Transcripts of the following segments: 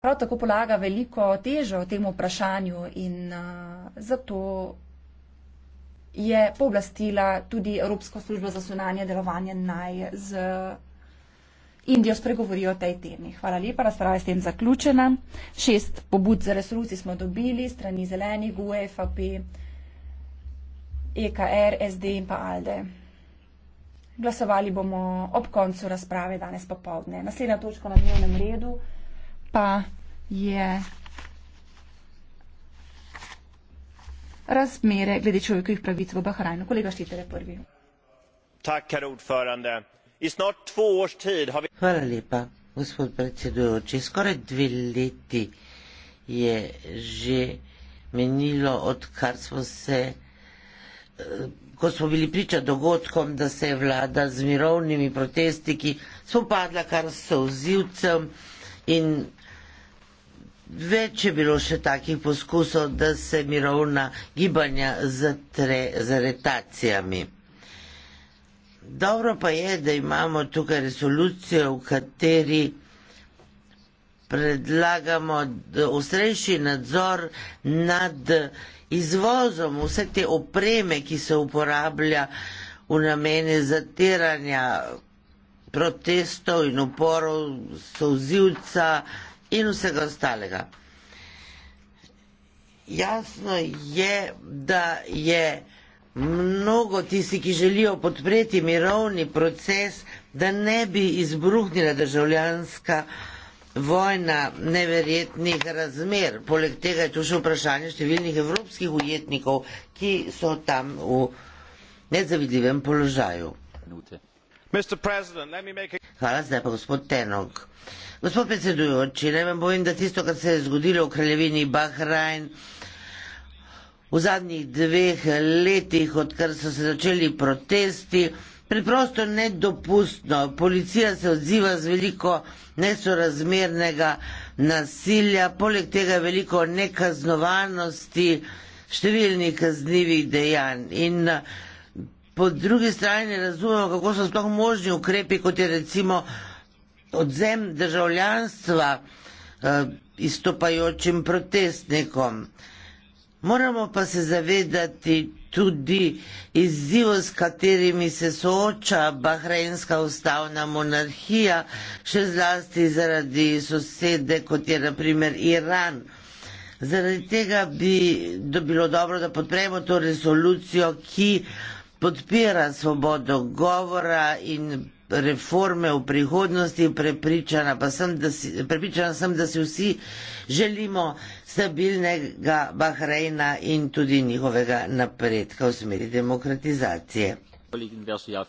prav tako polaga veliko težo temu vprašanju in uh, zato je pooblastila tudi Evropsko službo za sunanje delovanje naj z Indijo spregovori o tej temi. Hvala lepa, razprava je s tem zaključena. Šest pobud za resolucij smo dobili strani zelenih, GUE, FAP, EKR, SD in pa ALDE. Glasovali bomo ob koncu razprave danes popovdne. Naslednja točka na dnevnem redu pa je razmere glede človekovih pravic v Bahrajnu. Kolega Štiter je prvi. Hvala lepa, gospod predsedujoči. Skoraj dve leti je že menilo, odkar smo se, eh, ko smo bili priča dogodkom, da se je vlada z mirovnimi protesti, ki so padla kar so vzivcem, In več je bilo še takih poskusov, da se mirovna gibanja zatre z retacijami. Dobro pa je, da imamo tukaj resolucijo, v kateri predlagamo ostrejši nadzor nad izvozom vse te opreme, ki se uporablja v namene zatiranja protestov in uporov, souzivca in vsega ostalega. Jasno je, da je mnogo tisti, ki želijo podpreti mirovni proces, da ne bi izbruhnila državljanska vojna neverjetnih razmer. Poleg tega je tu še vprašanje številnih evropskih ujetnikov, ki so tam v nezavidljivem položaju. Minute. Hvala, zdaj pa gospod Tenok. Gospod predsedujoči, naj vam povem, da tisto, kar se je zgodilo v kraljevini Bahrajn, v zadnjih dveh letih, odkar so se začeli protesti, preprosto nedopustno. Policija se odziva z veliko nesorazmernega nasilja, poleg tega veliko nekaznovanosti, številnih kaznivih dejanj po drugi strani ne razumemo, kako so sploh možni ukrepi, kot je recimo odzem državljanstva eh, izstopajočim protestnikom. Moramo pa se zavedati tudi izzivo, s katerimi se sooča bahrajnska ustavna monarhija, še zlasti zaradi sosede, kot je naprimer Iran. Zaradi tega bi bilo dobro, da podpremo to resolucijo, ki podpira svobodo govora in reforme v prihodnosti, prepričana pa sem, da si, prepričana sem, da si vsi želimo stabilnega Bahrajna in tudi njihovega napredka v smeri demokratizacije. Ja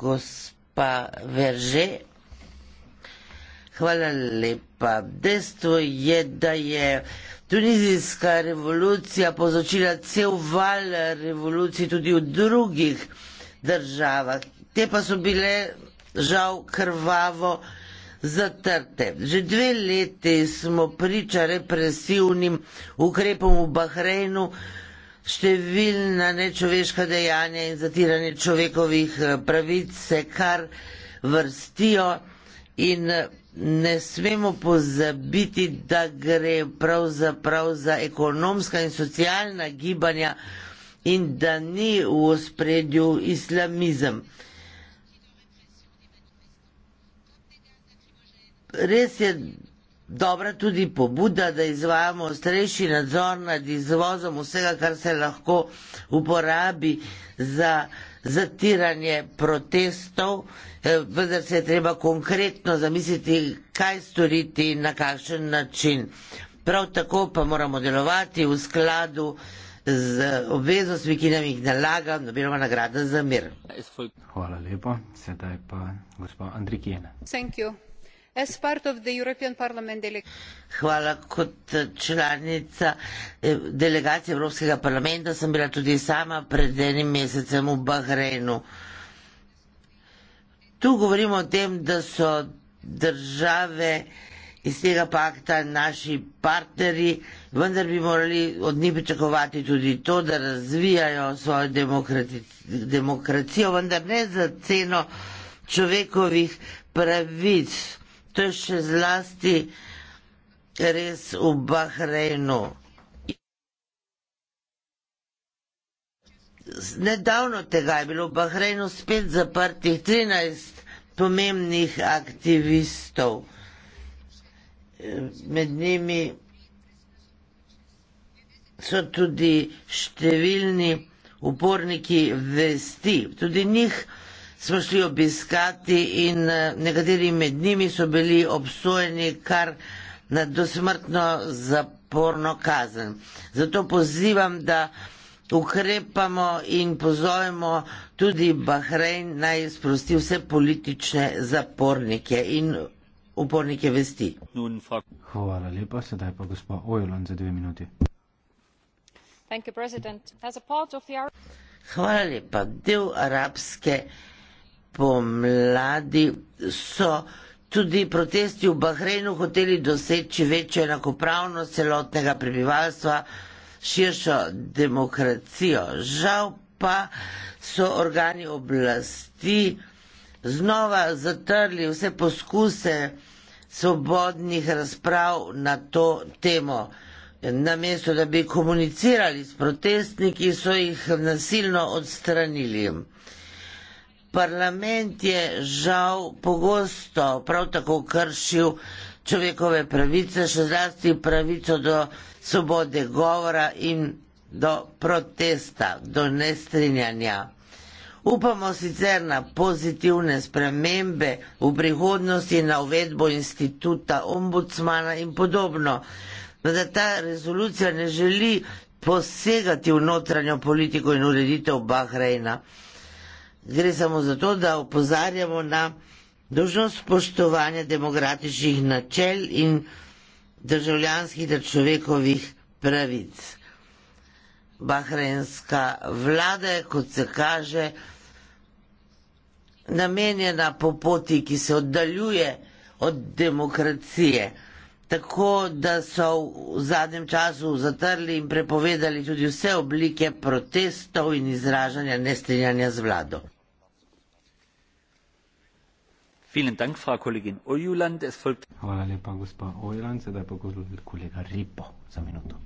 Gospa Verže, hvala lepa. Dejstvo je, da je Tunizijska revolucija povzročila cel val revolucij tudi v drugih državah. Te pa so bile žal krvavo zatrte. Že dve leti smo priča represivnim ukrepom v Bahrejnu, številna nečoveška dejanja in zatiranje človekovih pravic se kar vrstijo in ne smemo pozabiti, da gre pravzaprav za ekonomska in socialna gibanja in da ni v ospredju islamizem. Res je dobra tudi pobuda, da izvajamo ostrejši nadzor nad izvozom vsega, kar se lahko uporabi za zatiranje protestov, eh, vendar se je treba konkretno zamisliti, kaj storiti in na kakšen način. Prav tako pa moramo delovati v skladu z obveznostmi, ki nam jih nalaga Nobelova nagrada za mir. Hvala lepa. Sedaj pa gospod Andrikijena. Kot eh, članica eh, delegacije Evropskega parlamenta sem bila tudi sama pred enim mesecem v Bahrejnu. Tu govorimo o tem, da so države iz tega pakta naši partnerji, vendar bi morali od njih pričakovati tudi to, da razvijajo svojo demokrati, demokracijo, vendar ne za ceno človekovih pravic. To je še zlasti res v Bahrejnu. Nedavno tega je bilo v Bahrejnu spet zaprtih 13 pomembnih aktivistov. Med njimi so tudi številni uporniki vesti. Tudi njih smo šli obiskati in eh, nekateri med njimi so bili obsojeni kar na dosmrtno zaporno kazen. Zato pozivam, da ukrepamo in pozovemo tudi Bahrein naj sprosti vse politične zapornike in upornike vesti. Hvala lepa, sedaj pa gospa Ojlan za dve minuti. Hvala lepa. Del arabske pomladi so tudi protesti v Bahreinu hoteli doseči večjo enakopravnost celotnega prebivalstva, širšo demokracijo. Žal pa so organi oblasti znova zatrli vse poskuse svobodnih razprav na to temo. Namesto, da bi komunicirali s protestniki, so jih nasilno odstranili. Parlament je žal pogosto prav tako kršil človekove pravice, še zlasti pravico do svobode govora in do protesta, do nestrinjanja. Upamo sicer na pozitivne spremembe v prihodnosti, na uvedbo instituta ombudsmana in podobno, no, da ta rezolucija ne želi posegati v notranjo politiko in ureditev Bahrajna gre samo za to, da opozarjamo na dožnost spoštovanja demokratičnih načel in državljanskih ter človekovih pravic. Bahrajnska vlada je, kot se kaže, namenjena po poti, ki se oddaljuje od demokracije tako da so v zadnjem času zatrli in prepovedali tudi vse oblike protestov in izražanja nestrinjanja z vlado. Hvala lepa, gospa Ojland. Sedaj pa govori kolega Ripo za minuto.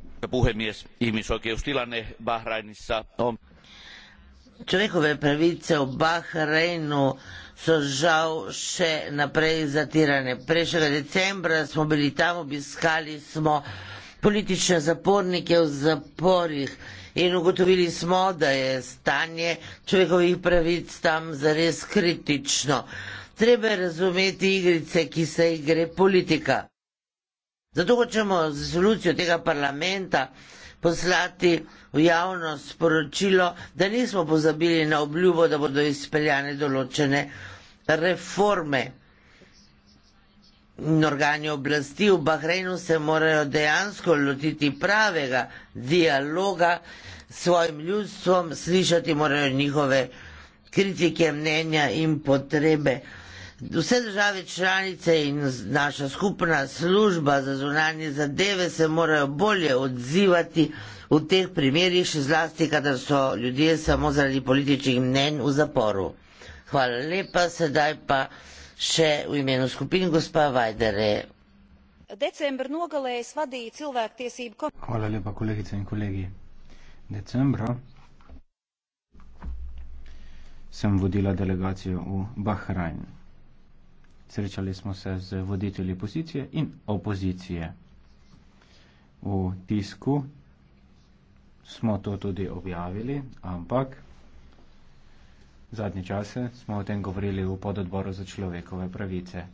Človekove pravice v Bahrajnu so žal še naprej zatirane. Prejšnjega decembra smo bili tam, obiskali smo politične zapornike v zaporih in ugotovili smo, da je stanje človekovih pravic tam zares kritično. Treba je razumeti igrice, ki se igre politika. Zato hočemo z resolucijo tega parlamenta poslati v javnost sporočilo, da nismo pozabili na obljubo, da bodo izpeljane določene reforme. In organi oblasti v Bahreinu se morajo dejansko lotiti pravega dialoga s svojim ljudstvom, slišati morajo njihove kritike, mnenja in potrebe. Vse države članice in naša skupna služba za zunanje zadeve se morajo bolje odzivati v teh primerjih, še zlasti, kadar so ljudje samo zaradi političnih mnen v zaporu. Hvala lepa, sedaj pa še v imenu skupin gospa Vajdere. December nogale je svadi človek te sibko. Hvala lepa, kolegice in kolegi. Decembra sem vodila delegacijo v Bahrajn. Srečali smo se z voditelji pozicije in opozicije. V tisku smo to tudi objavili, ampak zadnji čase smo o tem govorili v pododboru za človekove pravice.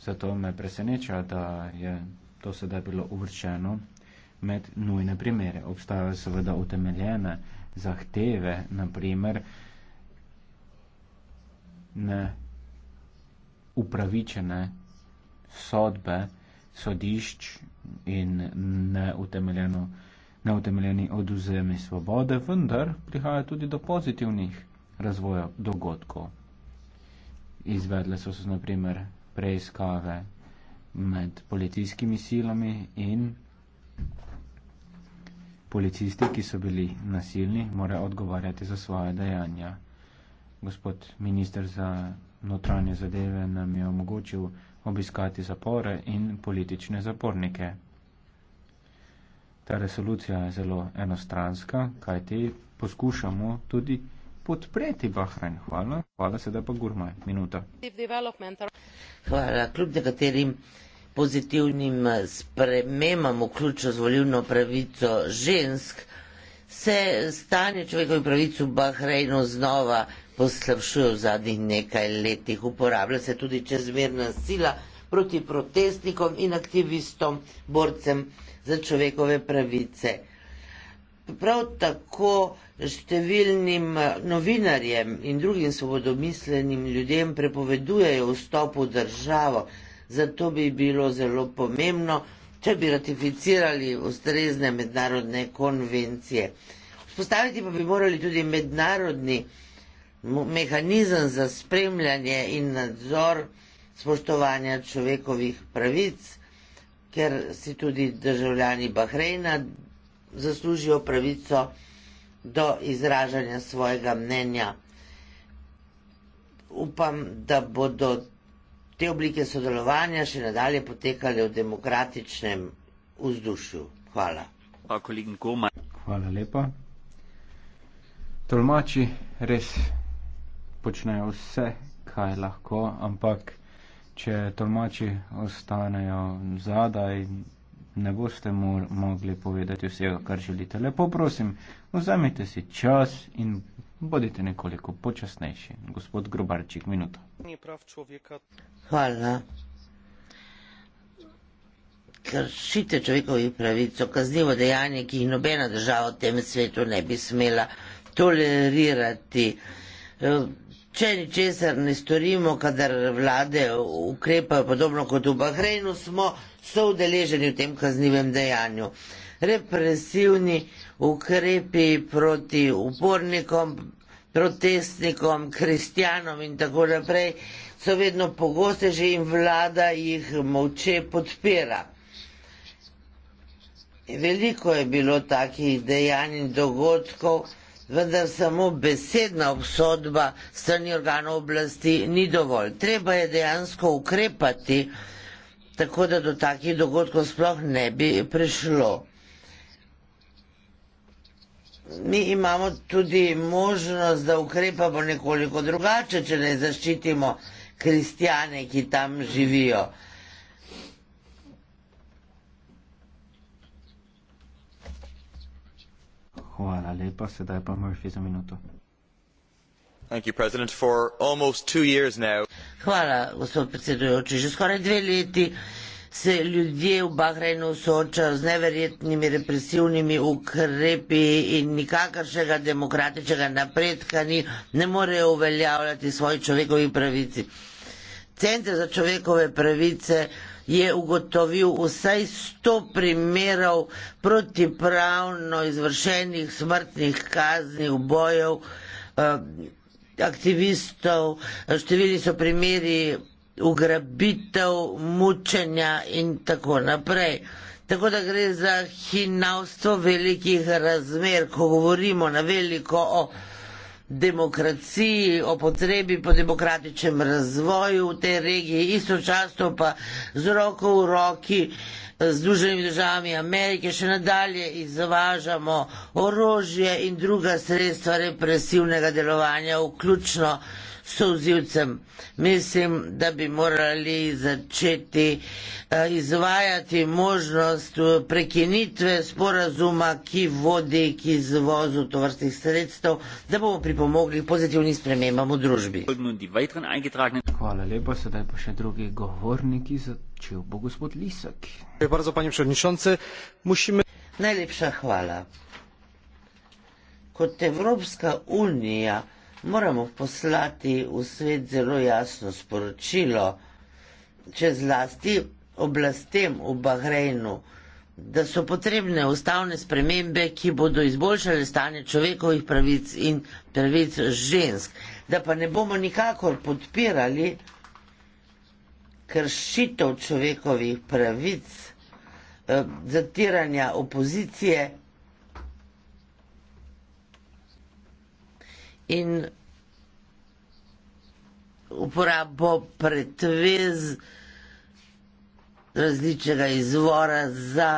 Zato me preseneča, da je to sedaj bilo uvrčeno med nujne primere. Obstajajo seveda utemeljene zahteve, naprimer, ne upravičene sodbe sodišč in neutemeljeno, neutemeljeni oduzemi svobode, vendar prihaja tudi do pozitivnih razvoja dogodkov. Izvedle so se naprimer preiskave med policijskimi silami in policisti, ki so bili nasilni, morajo odgovarjati za svoje dejanja. Gospod minister za notranje zadeve nam je omogočil obiskati zapore in politične zapornike. Ta resolucija je zelo enostranska, kajti poskušamo tudi podpreti Bahrajn. Hvala, hvala sedaj pa Gurma. Minuta. Hvala. Kljub nekaterim pozitivnim sprememam, vključno z volivno pravico žensk, se stanje človekovih pravic v Bahrajnu znova poslabšuje v zadnjih nekaj letih. Uporablja se tudi čezmerna sila proti protestnikom in aktivistom, borcem za človekove pravice. Prav tako številnim novinarjem in drugim svobodomislenim ljudem prepovedujejo vstop v državo, zato bi bilo zelo pomembno, če bi ratificirali ustrezne mednarodne konvencije. Vzpostaviti pa bi morali tudi mednarodni mehanizem za spremljanje in nadzor spoštovanja človekovih pravic, ker si tudi državljani Bahrejna zaslužijo pravico do izražanja svojega mnenja. Upam, da bodo te oblike sodelovanja še nadalje potekale v demokratičnem vzdušju. Hvala. Hvala lepa. Tolmači res počnejo vse, kaj lahko, ampak če tolmači ostanejo zadaj, ne boste mu mogli povedati vsega, kar želite. Lepo prosim, vzemite si čas in bodite nekoliko počasnejši. Gospod Grobarčik, minuto. Hvala. Kršite človekovih pravic, so kaznivo dejanje, ki jih nobena država v tem svetu ne bi smela tolerirati. Če ničesar ne storimo, kadar vlade ukrepajo podobno kot v Bahreinu, smo soudeleženi v tem kaznivem dejanju. Represivni ukrepi proti upornikom, protestnikom, kristjanom in tako naprej so vedno pogosteži in vlada jih moče podpira. Veliko je bilo takih dejanj in dogodkov, vendar samo besedna obsodba strani organov oblasti ni dovolj. Treba je dejansko ukrepati, tako da do takih dogodkov sploh ne bi prišlo. Mi imamo tudi možnost, da ukrepamo nekoliko drugače, če ne zaščitimo kristijane, ki tam živijo. Hvala lepa, sedaj pa Murphy za minuto. Thank you, President, for almost two years now. Hvala, gospod predsedujoči. Že skoraj dve leti se ljudje v Bahrajnu soočajo z neverjetnimi represivnimi ukrepi in nikakršnega demokratičnega napredka ni, ne morejo uveljavljati svoje človekovi pravici. Centr za človekove pravice je ugotovil vsaj 100 primerov protipravno izvršenih smrtnih kazni v bojev eh, aktivistov, številni so primeri ugrabitev, mučenja in tako naprej. Tako da gre za hinavstvo velikih razmer, ko govorimo na veliko o demokraciji, o potrebi po demokratičnem razvoju v tej regiji, istočasno pa z roko v roki z eh, Združenimi državami Amerike še nadalje izvažamo orožje in druga sredstva represivnega delovanja, vključno sozivcem. Mislim, da bi morali začeti eh, izvajati možnost eh, prekinitve sporazuma, ki vodi k izvozu tovrstnih sredstev, da bomo pripomogli pozitivnim spremembam v družbi. Hvala lepa, sedaj pa še drugi govorniki, začel bo gospod Lisek. Najlepša hvala. Kot Evropska unija moramo poslati v svet zelo jasno sporočilo, če zlasti oblastem v Bahrejnu, da so potrebne ustavne spremembe, ki bodo izboljšale stanje človekovih pravic in pravic žensk, da pa ne bomo nikakor podpirali kršitev človekovih pravic, eh, zatiranja opozicije in uporabo pretvez različnega izvora za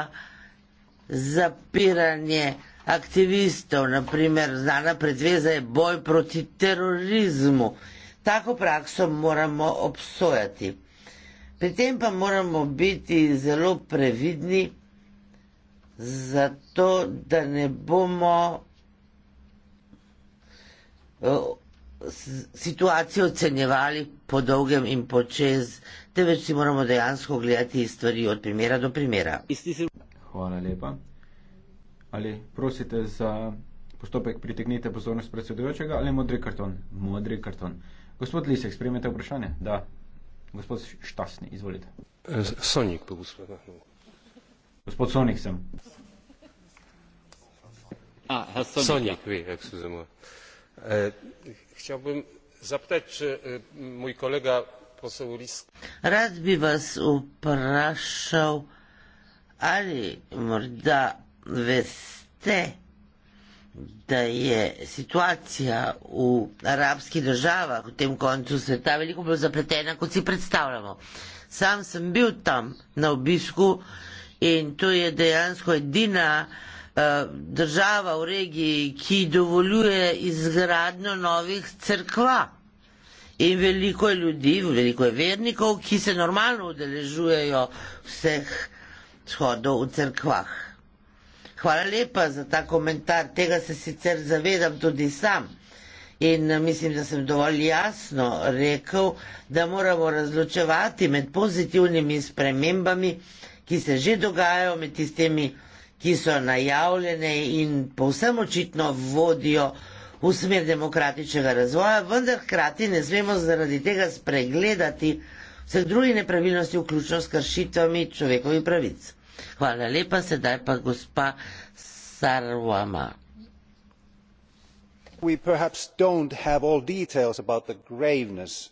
zapiranje aktivistov, naprimer znana predveza je boj proti terorizmu. Tako prakso moramo obsojati. Pri tem pa moramo biti zelo previdni, zato da ne bomo situacijo ocenjevali po dolgem in po čez, temveč si moramo dejansko gledati stvari od primera do primera. Hvala lepa. Ali prosite za postopek pritegnite pozornost predsedujočega ali modri karton? Modri karton. Gospod Lisek, sprejmete vprašanje? Da. Gospod Štasni, izvolite. E, Sonik, pa gospod. Gospod Sonik sem. A, Sonik. Sonik, vi, ekskluzivno. E, chciałbym zapytać, czy e, mój kolega poseł Ris... Rad by was upraszał, ale morda weste, da je situacija v arabskih državah v tem koncu sveta veliko bolj zapletena, kot si predstavljamo. Sam sem bil tam na obisku in to je dejansko edina Eh, država v regiji, ki dovoljuje izgradnjo novih crkva. In veliko je ljudi, veliko je vernikov, ki se normalno udeležujejo vseh shodov v crkvah. Hvala lepa za ta komentar, tega se sicer zavedam tudi sam. In eh, mislim, da sem dovolj jasno rekel, da moramo razločevati med pozitivnimi spremembami, ki se že dogajajo, med tistimi, ki ki so najavljene in povsem očitno vodijo v smer demokratičnega razvoja, vendar hkrati ne smemo zaradi tega spregledati vseh drugih nepravilnosti, vključno s kršitvami človekovih pravic. Hvala lepa, sedaj pa gospa Sarvama. We perhaps don't have all details about the graveness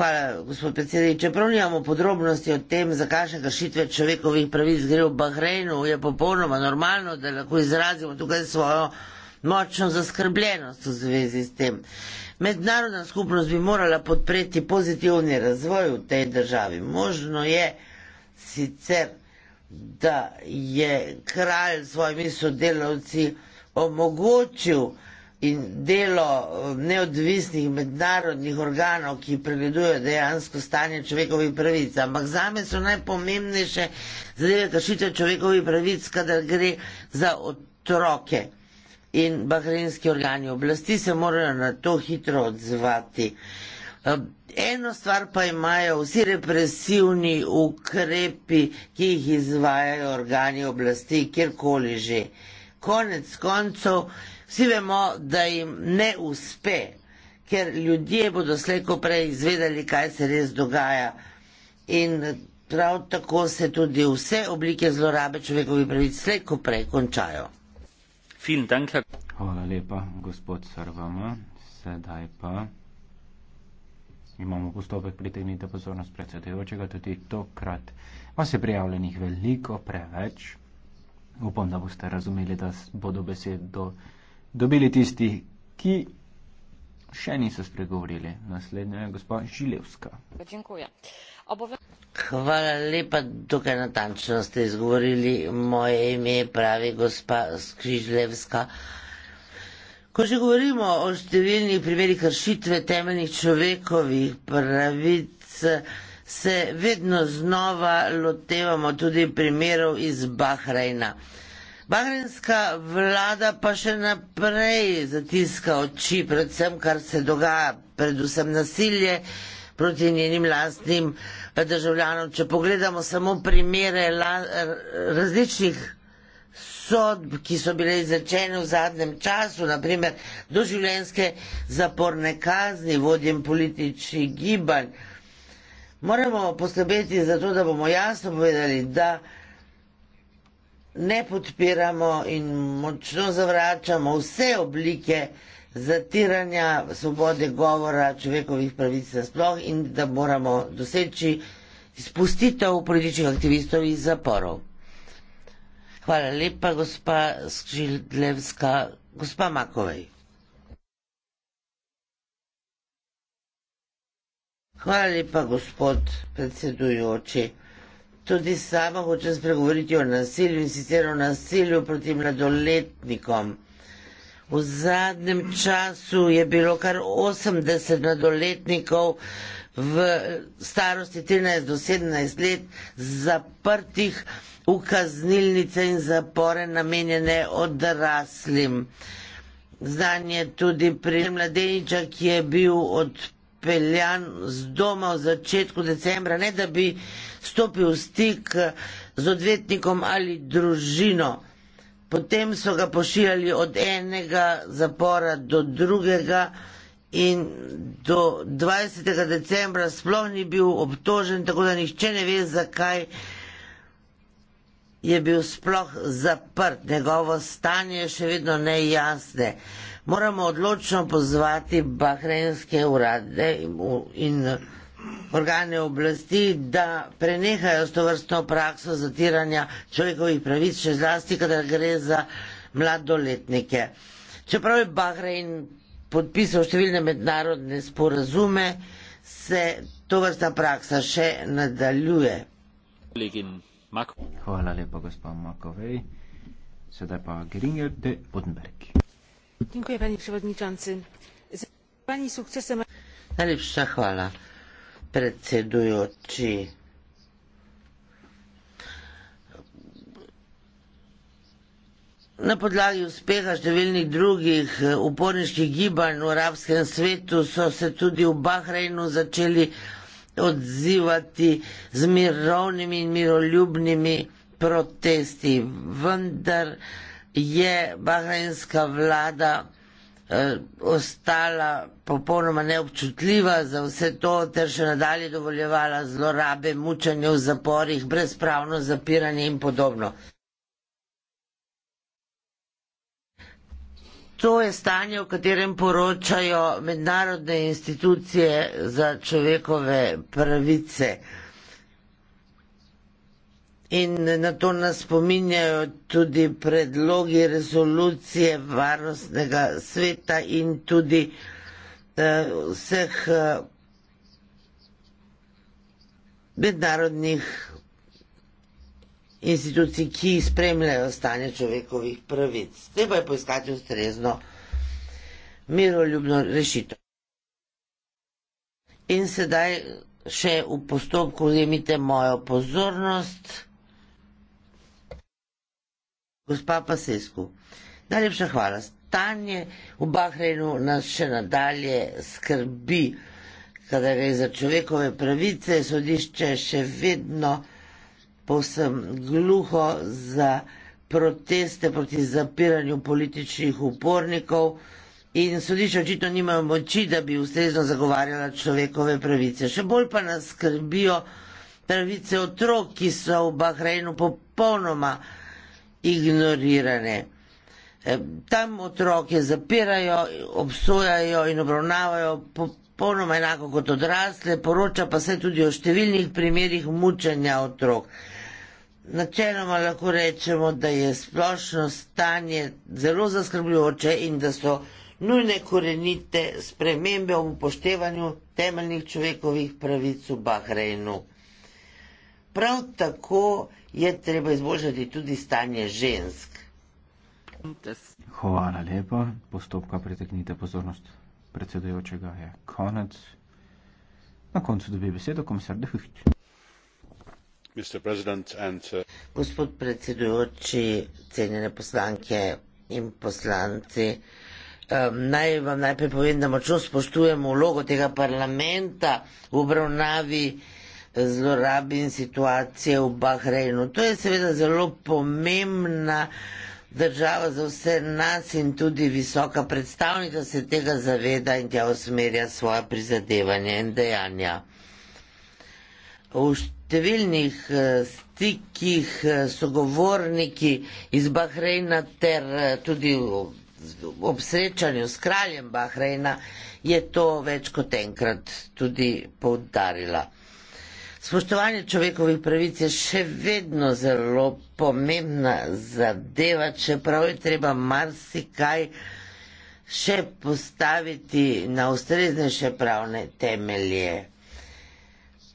Hvala, gospod predsednik. Če pravnjamo podrobnosti o tem, zakaj še kršitve človekovih pravic gre v Bahrejnu, je popolnoma normalno, da lahko izrazimo tukaj svojo močno zaskrbljenost v zvezi s tem. Mednarodna skupnost bi morala podpreti pozitivni razvoj v tej državi. Možno je sicer, da je kralj s svojimi sodelavci omogočil, in delo eh, neodvisnih mednarodnih organov, ki pregledujejo dejansko stanje človekovih pravic. Ampak za me so najpomembnejše zadeve kršitve človekovih pravic, kadar gre za otroke in bahrejnski organi oblasti se morajo na to hitro odzvati. Eh, eno stvar pa imajo vsi represivni ukrepi, ki jih izvajajo organi oblasti, kjerkoli že. Konec koncev Vsi vemo, da jim ne uspe, ker ljudje bodo slejko prej izvedeli, kaj se res dogaja. In prav tako se tudi vse oblike zlorabe človekovih pravic slejko prej končajo. Hvala lepa, gospod Sarvama. Sedaj pa imamo postopek pritegnite pozornost predsedujočega, tudi tokrat vas je prijavljenih veliko preveč. Upam, da boste razumeli, da bodo besedo. Do dobili tisti, ki še niso spregovorili. Naslednja je gospa Žilevska. Hvala lepa, dokaj natančno ste izgovorili moje ime, pravi gospa Skrižlevska. Ko že govorimo o številnih primerih kršitve temeljnih človekovih pravic, se vedno znova lotevamo tudi primerov iz Bahrajna. Bahrajnska vlada pa še naprej zatiska oči predvsem, kar se dogaja, predvsem nasilje proti njenim lastnim državljanom. Če pogledamo samo primere različnih sodb, ki so bile izrečene v zadnjem času, naprimer doživljenske zaporne kazni vodjem političnih gibanj, moramo poskrbeti za to, da bomo jasno povedali, da ne podpiramo in močno zavračamo vse oblike zatiranja svobode govora, človekovih pravic nasploh in da moramo doseči izpustitev političnih aktivistov iz zaporov. Hvala lepa, gospa Skrildlevska, gospa Makovej. Hvala lepa, gospod predsedujoči. Tudi sama hočem spregovoriti o nasilju in sicer o nasilju proti mladoletnikom. V zadnjem času je bilo kar 80 mladoletnikov v starosti 13 do 17 let zaprtih v kaznilnice in zapore namenjene odraslim. Znanje tudi pri mladeniča, ki je bil odprt odpeljan z doma v začetku decembra, ne da bi stopil v stik eh, z odvetnikom ali družino. Potem so ga pošiljali od enega zapora do drugega in do 20. decembra sploh ni bil obtožen, tako da nihče ne ve, zakaj je bil sploh zaprt. Njegovo stanje je še vedno nejasne moramo odločno pozvati bahrenske urade in organe oblasti, da prenehajo s to vrstno prakso zatiranja človekovih pravic, še zlasti, kadar gre za mladoletnike. Čeprav je Bahrein podpisal številne mednarodne sporazume, se to vrsta praksa še nadaljuje. Hvala lepa, gospod Makovej. Sedaj pa Geringer de Odenberg najlepša hvala predsedujoči na podlagi uspeha številnih drugih e, uporniških gibanj v arabskem svetu so se tudi v bahrajnu začeli odzivati z mirovnimi in miroljubnimi protesti vendar je bahrajnska vlada eh, ostala popolnoma neobčutljiva za vse to, ter še nadalje dovoljevala zlorabe, mučanje v zaporih, brezpravno zapiranje in podobno. To je stanje, o katerem poročajo mednarodne institucije za človekove pravice. Eh, In na to nas spominjajo tudi predlogi rezolucije varnostnega sveta in tudi eh, vseh eh, mednarodnih institucij, ki spremljajo stanje človekovih pravic. Treba je poiskati ustrezno miroljubno rešitev. In sedaj še v postopku vzemite mojo pozornost gospa Pasesku. Najlepša hvala. Stanje v Bahrajnu nas še nadalje skrbi, kada gre za človekove pravice, sodišče še vedno povsem gluho za proteste proti zapiranju političnih upornikov in sodišče očitno nima moči, da bi ustrezno zagovarjala človekove pravice. Še bolj pa nas skrbijo pravice otrok, ki so v Bahrajnu popolnoma skrbi ignorirane. E, tam otroke zapirajo, obsojajo in obravnavajo popolnoma enako kot odrasle, poroča pa se tudi o številnih primerjih mučanja otrok. Načeloma lahko rečemo, da je splošno stanje zelo zaskrbljujoče in da so nujne korenite spremembe v upoštevanju temeljnih človekovih pravic v Bahrajnu. Prav tako je treba izboljšati tudi stanje žensk. Hvala lepa. Postopka preteknite pozornost predsedojočega je konec. Na koncu dobi besedo komisar Dehuht. Uh, Gospod predsedujoči, cenjene poslanke in poslanci, um, naj vam najprej povem, da močno spoštujemo vlogo tega parlamenta v obravnavi uh, zlorab in situacije v Bahreinu. To je seveda zelo pomembna država za vse nas in tudi visoka predstavnica se tega zaveda in tja usmerja svoje prizadevanje in dejanja. V številnih eh, stikih eh, sogovorniki iz Bahreina ter eh, tudi ob srečanju s kraljem Bahreina je to več kot enkrat tudi poudarila. Spoštovanje človekovih pravic je še vedno zelo pomembna zadeva, čeprav je treba marsikaj še postaviti na ustreznejše pravne temelje.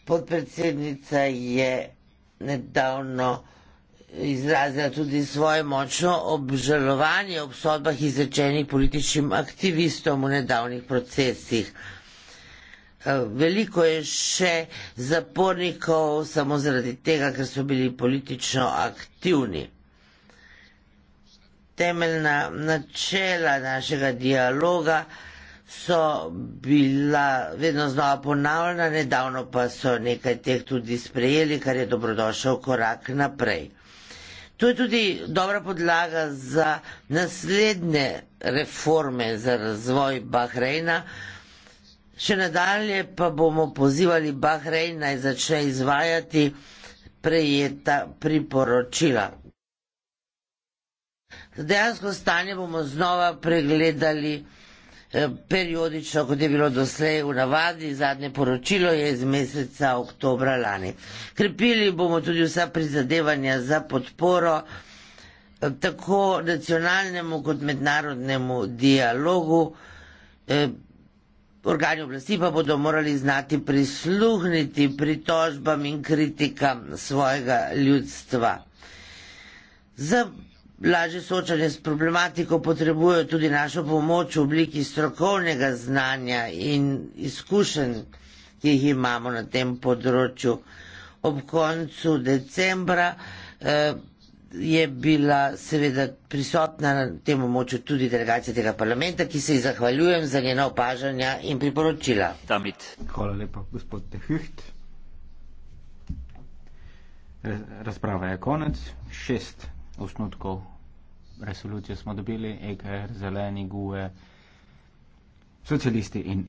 Podpredsednica je nedavno izrazila tudi svoje močno obžalovanje ob sodbah izrečenih političnim aktivistom v nedavnih procesih. Veliko je še zapornikov samo zaradi tega, ker so bili politično aktivni. Temeljna načela našega dialoga so bila vedno znova ponavljena, nedavno pa so nekaj teh tudi sprejeli, kar je dobrodošel korak naprej. To je tudi dobra podlaga za naslednje reforme za razvoj Bahrejna, Še nadalje pa bomo pozivali Bahrej naj začne izvajati prejeta priporočila. Dejansko stanje bomo znova pregledali eh, periodično, kot je bilo doslej v navadi, zadnje poročilo je iz meseca oktobra lani. Krepili bomo tudi vsa prizadevanja za podporo eh, tako nacionalnemu kot mednarodnemu dialogu, eh, Organi oblasti pa bodo morali znati prisluhniti pritožbam in kritikam svojega ljudstva. Za lažje soočanje s problematiko potrebujejo tudi našo pomoč v obliki strokovnega znanja in izkušenj, ki jih imamo na tem področju. Ob koncu decembra eh, je bila seveda prisotna na tem območju tudi delegacija tega parlamenta, ki se ji zahvaljujem za njena opažanja in priporočila. Damit. Hvala lepa, gospod Tehüht. Razprava je konec. Šest osnutkov resolucije smo dobili, EKR, zeleni, GUE, socialisti in.